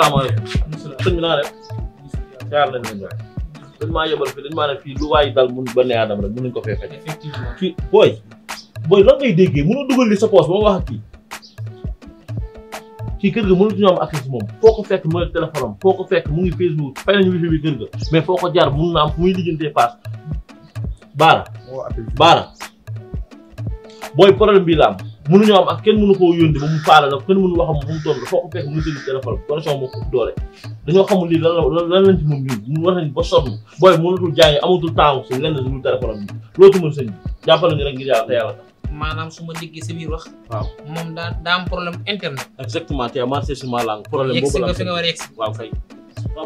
asalaamaaleykum. sëñ bi naa def. jaar nañ leen maa yebal fii lu waay dal mun ba ne Adama rek mënuñ ko fee fekk. effectivement fii booy. booy lan ngay déggee mënoo dugal li sa poos ba ma wax ak kii. kii kër ga mënatuñu am accès moom foo ko fekk mooy téléphone am foo ko fekk mu ngi Facebook fay nañu wifi bi kër ga mais foo ko jaar mun na am fu muy paas baara baara booy problème mun mënuñoo am ak kenn mënu koo yónni ba mu faala la kenn mënu waxam fu mu toll foo ko fekk mu tëdd téléphone connexion moo ko doole dañoo xamul lii lan la lan lañ ci moom ñun mu wax nañ ba u booy mënatul jàng amatul temps si lenn lu téléphone am bi loo ci maanaam su ma déggee sa biir wax. waaw moom daa daa am problème internet. exactement te marché sur ma langue problème boobu la am fi nga war a yegg waaw kay. sa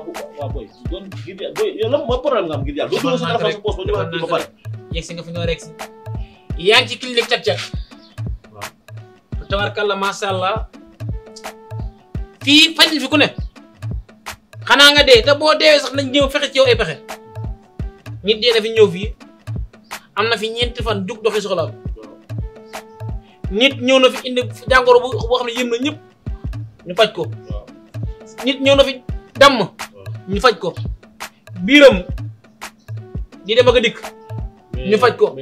téléphone sa poche ba ñu wax ba pare. a yegg si. yaa ngi tabarkalla macha allah fii faj fi ku ne xanaa nga dee te boo deewee sax nañ ñëw fexe ci yow ay pexe nit dee na fi ñëw fii am na fi ñeent fan jug doxi soxlaam nit ñëw na fi indi jàngoro bu boo xam ne yëm na ñëpp ñu faj ko nit ñëw na fi damm ñu faj ko biiram di dem ak a dikk ñu faj ko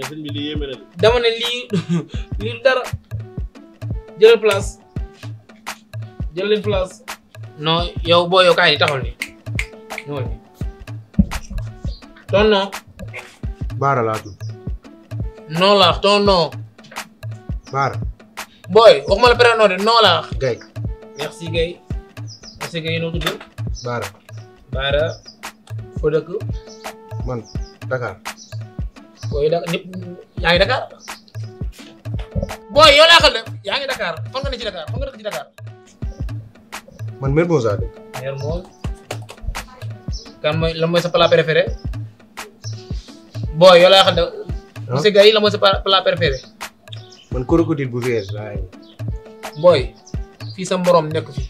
dama ne lii lii dara jëlal place jël leen place non yow boo yow ni taxul ni ñëwal ni tonton baara laa tudd non laax tonton baara booy waxuma la prénom de non laax gay merci gay merci gay noo tudd baara baara foo man Dakar booy Dakar booy yow laa xam ne yaa ngi Dakar fan nga ne ci Dakar fan nga dëkk ci Dakar. man Mermoz laa dëkk. mooy lan mooy sa plat préféré. booy yow laa xam ne. man crocodile bu vert laa yëg. booy fii sa morom nekk fi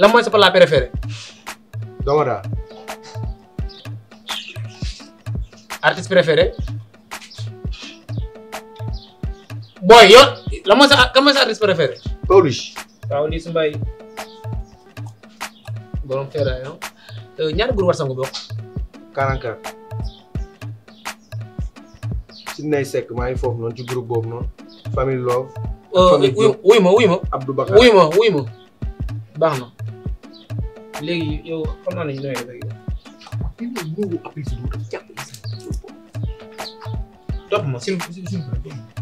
lan mooy sa plat préféré. domada. artiste préféré. booy yow la mooy sa kan mooy sa artiste préféré. Pawlish. Pawlish Mbaye. borom feeraay ah. ñaari góor war sangu bokk. 44. si sekk maa ngi foofu noonu ci groupe boobu noonu. famille love. Oh, famille wuy wuy wuy ma. wuy ma baax na. léegi yow xam naa ne ñu nooyee léegi. yow ñëw appel si dugub dafa jàpp si. topp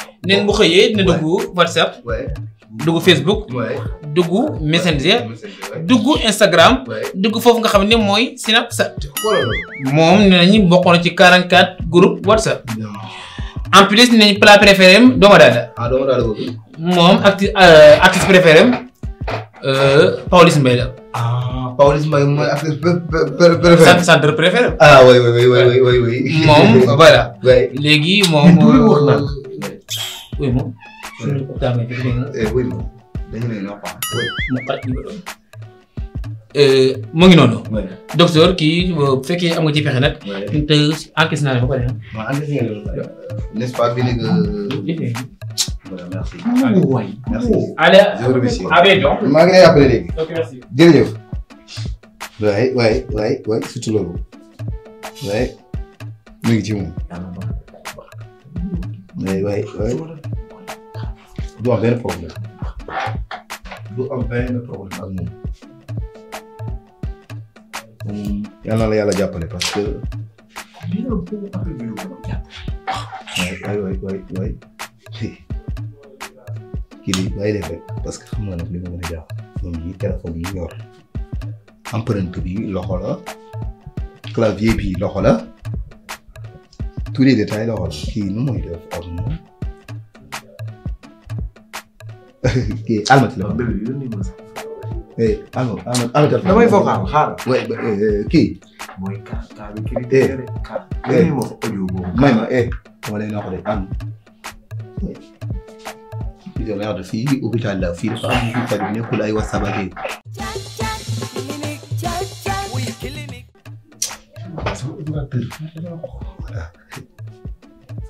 neen bu xëyee dina dugg WhatsApp. dugg Facebook. dugg Messenger. dugg Instagram. dugg foofu nga xam ne mooy Snapchat. moom nee nañu bokkoon na ci 44 group WhatsApp. en plus nee plat préféré am ah, moom artiste euh, artiste préféré am euh, Pawlish Mbaye la. moom voilà. léegi moom. Euh, koy moom. suñu waxtaanee ci biir wéy moom dañu ne ñoo xam ngi noonu. docteur kii bu fekkee am nga ci pexe nag. te encaissé naa la ba pare ah. waaw encaissé nga maa ngi lay appelé léegi. ok merci. jërëjëf. waay waay waay waay loolu. waay mu ngi ci moom. waay waay waay. du am problème du am benn ak moom moom yàlla na la yàlla jàppale parce que. lii la bëgg a affaire bi la ko jàpp. rek parce que xam nga nag li ma mën a jàpp moom yi téléphone yi ñor empreinte bi loxo la bi loxo la tous les détails loxo la kii nu def. kii alma téléphone. E, alma alma téléphone. damay vocal xaaral. kii. mooy kaa kaa bi kii bi kaa. may ma eh dama lay noqe de am. fii hôpital la fii dafa am hôpital bi nekkul ay whatsapp ak voilà.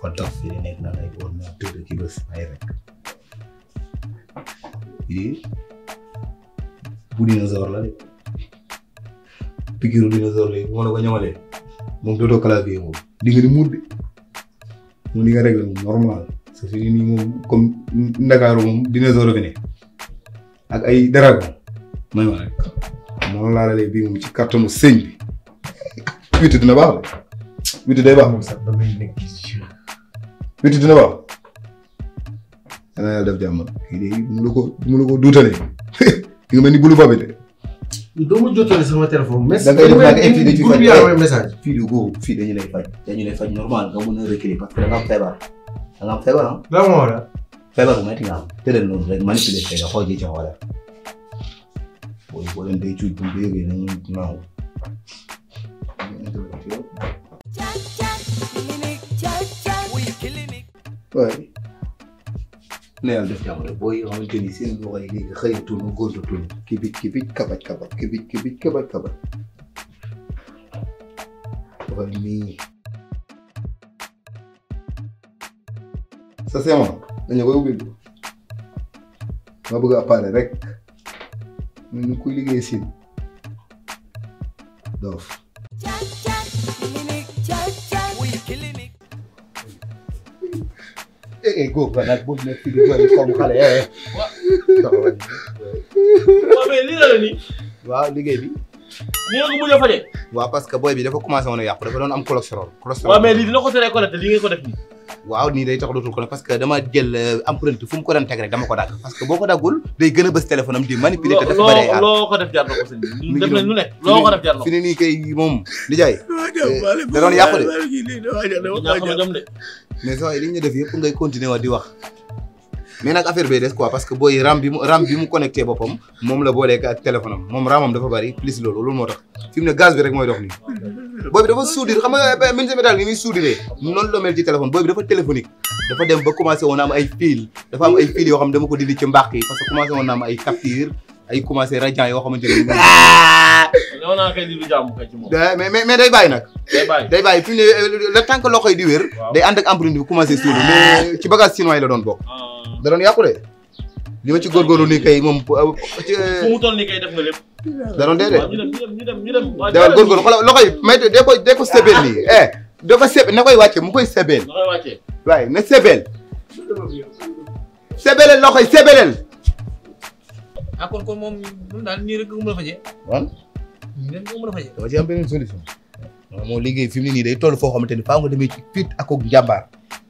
fa toog fii nekk na lay bool ma ki bés may rek. bi bu dinosaure la de piqûre dinosaure la moo la ko ñamalee moom dootoo clavier moom di nga di muur bi moom li nga réglé moom normal parce que nii moom comme Ndakaaru moom dinosaure fi ne ay dragon may ma rek moom laa lalee bii moom ci cartonu sëñ bi witti dina baax la dina baax yal na yàlla def ma la ko bu ma la ko duutalee mel ni bulu fa bi de. sa ma jottali sama téléphone. mais da ngay def nag et puis groupe yaa may message. fii dañu lay faj dañu lay faj normal nga mën a reculer parce que da nga am feebar da nga am feebar ah. lan moo waral. feebar bu métti nga am tëral noonu rek ca wala. booy boo leen day cuuj bu mu yëgee dañuy naaw. waay. na yàlla def jàmm rek boo yi nga xamante ni seen loxo yi léegi xëyatuñu góorgóorlu kibit kibit kabaj kabaj kibit kibit kabaj sa seema dañu koy ubbi ma bëgg rek ñu kuy liggéey siin doof eh góor ba nag bul nekk di jooy comme xale eh. eh, eh. waaw mais lii la la nii. waaw liggéey bi. ni nga ko mujjee fajee. waaw parce que booy bi dafa commencé woon a yàqu dafa doon am cholestérol. cholestérol waaw mais lii dina ko tere collecté lii waaw nii day tax dootul ko nag parce que dama jël euh, empreinte fu mu ko doon teg dama ko dagg parce que boo ko daggul day gën a bës téléphone am di manipuler te dafa bëree aar loo ko def jar loo ko def jar nii kay moom di jaay euh, da doon yàqu de mais saa yi li ñu def yëpp ngay continuer wa di wax mais nag affaire bay des quoi parce que booy ram bi mu ram bi mu connecté boppam moom la booleeg ak téléphone am moom ramam dafa bari plus loolu loolu moo tax fi ne gaz bi rek mooy dox nii. booy dafa soudir xam nga ministre métal gi muy soudiree noonu la ci téléphone booy dafa téléphonique dafa dem ba commencé woon ay fil dafa ay fil yoo xam dama ko dindi ci mbàq parce que commencé woon na am ay ay commencé rajan yoo xamante ma non non kay mais mais day bàyyi nag. day bàyyi fi ne euh, le temps que yi di wér. day ànd ak empreinte bi commencé suul ah. mais ci bagage chinois yi la doon bokk. Ah. da doon li ma ci góorgóorlu nii kay moom. Euh, euh, fu mu toll nii kay def nga de. ñu dem ñu dem ñu dem. waaw jërëjëf góorgóorlu ko eh, de ko sebeel nii. ko sebe na koy wàcce mu koy na ah kon moom moom daal nii rek nga ko mën a fajee. waaw. nii rek nga ko am beneen solution. moo liggéey fi mu ne nii day toll foo xamante ni faaw nga demee ci fit ak ak njàmbaar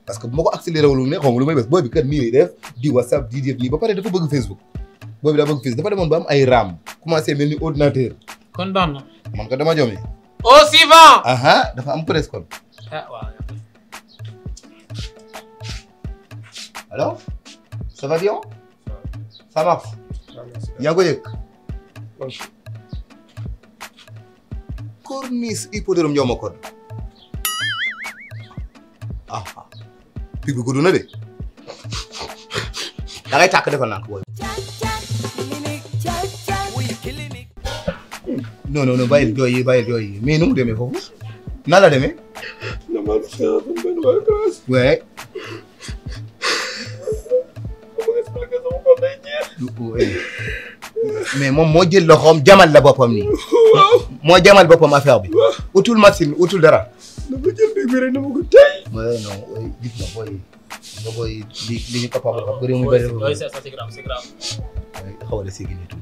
parce que bu ma ko accéléré wul ne xaw ma lu may bés booy bi kat nii lay def di whatsapp di def nii ba pare dafa bëgg Facebook booy bi daa bëgg Facebook dafa demoon am ay RAM commencé mel ni ordinateur. kon baax moom man ko dama jomee. au dafa am presse kon. ah Yagoyek. corniche hippodrome ñoo ma kon ah ah pig bi gudd na de da ngay tàkk defal naa ko booy. non non non bàyyil jooy yi bàyyil jooy yi mais nu mu demee foofu na la demee. ouais. mais moom moo jël loxoom jamal la boppam nii. moo jamal boppam affaire bi. utul machine utul dara. dafa jël bi rek na gis nga booy ko bëri mu bëri. mooy c'est ça c'est grave c'est grave. xaw a ségi doon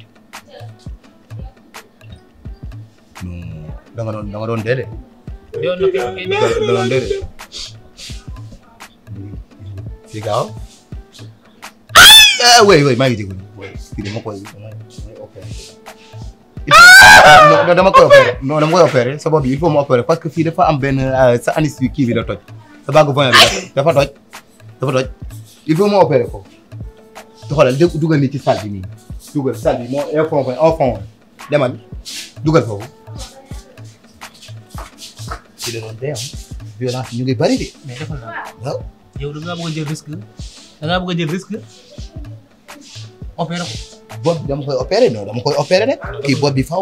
da gaaw. wéy wéy maa ngi jégalu wéy kii dama koy damay opéré. non dama koy opéré non dama koy opéré sa bopp bi il faut ma opéré parce que fii dafa am benn uh, sa anis bi kii bi la toj. sa bàggu voyant bi dafa toj dafa toj il faut ma opéré ko. te xoolal dé dugal ni ci salle bi nii dugal salle bi moo au fond au fond demal dugal foofu. ci la doon dee am violence ñu ngi bari de. mais defal naa waaw. yow da ngaa bëgg a jël risque da ngaa bëgg a jël risque. opéré ko. bopp bi dama koy opéré non dama koy opéré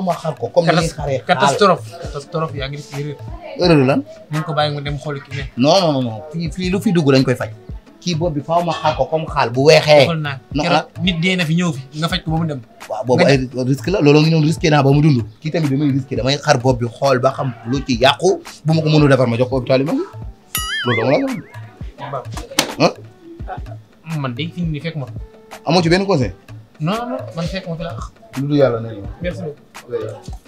ma xar ko comme ni ñuy xaree. catastrophe catastrophe yaa ngi def erreur. erreur ko bàyyi mu dem xooli ne. fii lu fi dugg dañ koy faj. kii bopp bi faaw ma xar ko comme xaal bu weexee. xool ah. nit dee na fi ñëw fi nga faj ko ba mu dem. waaw boobu ay la looloo ngi noonu naa ba mu dund. kii tamit damay risqué damay xar bopp bi xool ba xam lu ci yàqu bu ma ko mënul defar ma jox ko hôpital yi ma loolu dama la ah, man de fii nii ma. amoo ci benn conseil. non non man fekk ma fi la. lu yàlla ne la. merci beaucoup.